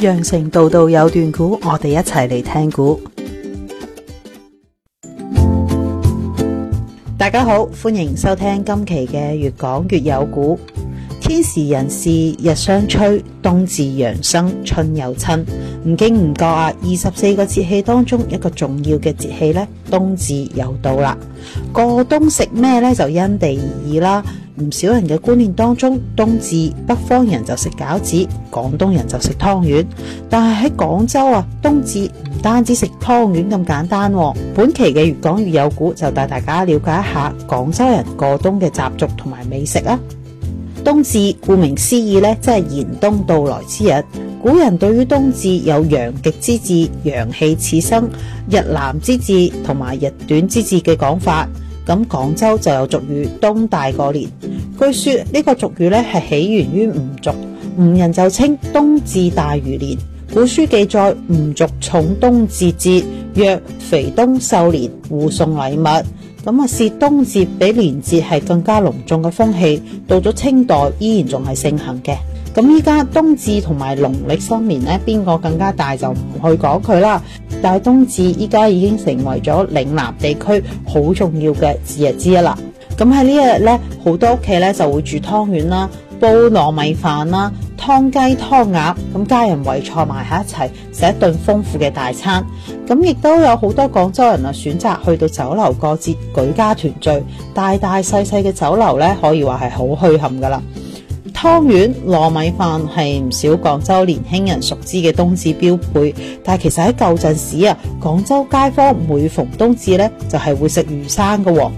羊城道道有段古，我哋一齊嚟聽古。大家好，歡迎收聽今期嘅粵講粵有古。天時人事日相催，冬至陽生春又親。唔經唔覺啊，二十四個節氣當中一個重要嘅節氣呢，冬至又到啦。過冬食咩呢？就因地而異啦。唔少人嘅觀念當中，冬至北方人就食餃子，廣東人就食湯圓。但係喺廣州啊，冬至唔單止食湯圓咁簡單喎。本期嘅粵講粵有古就帶大家了解一下廣州人過冬嘅習俗同埋美食啊。冬至顧名思義呢，即係嚴冬到來之日。古人對於冬至有陽極之至、陽氣始生、日南之至同埋日短之至嘅講法。咁廣州就有俗語冬大過年。據說呢、這個俗語呢，係起源於吳俗，吳人就稱冬至大如年。古書記載，吳俗重冬至節，若肥冬瘦年，互送禮物。咁、嗯、啊，視冬至比年節係更加隆重嘅風氣。到咗清代依然仲係盛行嘅。咁依家冬至同埋農曆新年呢，邊個更加大就唔去講佢啦。但係冬至依家已經成為咗嶺南地區好重要嘅節日之一啦。咁喺呢一日咧，好多屋企咧就會煮湯圓啦、煲糯米飯啦、劏雞劏鴨，咁家人圍坐埋喺一齊食一頓豐富嘅大餐。咁亦都有好多廣州人啊，選擇去到酒樓過節，舉家團聚。大大細細嘅酒樓咧，可以話係好墟冚噶啦。湯圓、糯米飯係唔少廣州年輕人熟知嘅冬至標配，但係其實喺舊陣時啊，廣州街坊每逢冬至咧，就係會食魚生噶。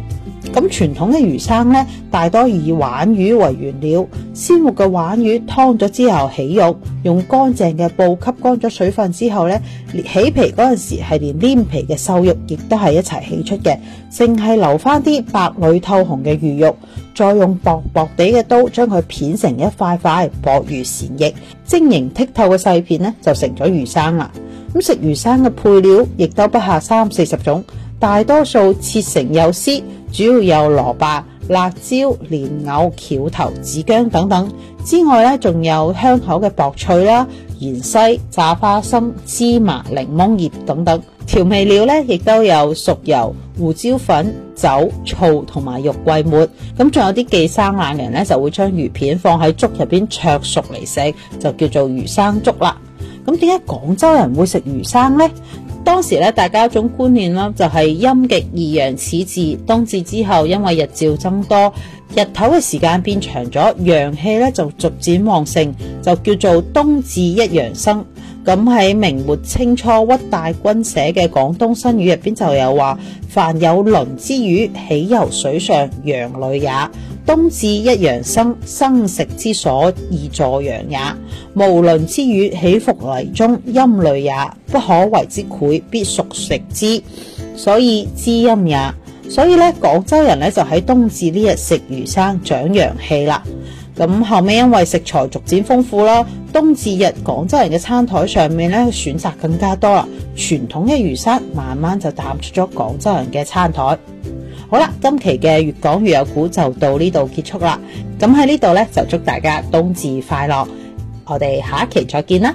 咁傳統嘅魚生咧，大多以鯇魚，魚為原料，鮮活嘅鯇魚劏咗之後起肉，用乾淨嘅布吸乾咗水分之後咧，起皮嗰陣時係連黏皮嘅瘦肉亦都係一齊起，起出嘅，淨係留翻啲白裏透紅嘅魚肉，再用薄薄地嘅刀將佢片成一塊塊薄如蟬翼、晶瑩剔透嘅細片咧，就成咗魚生啦。咁食魚生嘅配料亦都不下三四十種，大多數切成幼絲。主要有蘿蔔、辣椒、蓮藕、蕎頭、子薑等等，之外咧，仲有香口嘅薄脆啦、芫茜、炸花生、芝麻、檸檬葉等等。調味料咧，亦都有熟油、胡椒粉、酒、醋同埋肉桂末。咁仲有啲忌生冷嘅人咧，就會將魚片放喺粥入邊灼熟嚟食，就叫做魚生粥啦。咁點解廣州人會食魚生呢？當時咧，大家一種觀念啦，就係陰極二陽始至。冬至之後，因為日照增多，日頭嘅時間變長咗，陽氣咧就逐漸旺盛，就叫做冬至一陽生。咁喺明末清初屈大均寫嘅《廣東新語》入邊就有話：凡有鱗之魚，喜游水上，陽類也。冬至一陽生，生食之所以助陽也。無鱗之魚起伏泥中，陰類也，不可為之潰，必屬食之，所以知陰也。所以咧，廣州人咧就喺冬至呢日食魚生陽氣，長陽氣啦。咁後尾，因為食材逐漸豐富咯，冬至日廣州人嘅餐台上面咧選擇更加多啦，傳統嘅魚生慢慢就淡出咗廣州人嘅餐台。好啦，今期嘅粵講粵有古就到呢度結束啦。咁喺呢度呢，就祝大家冬至快樂，我哋下一期再見啦。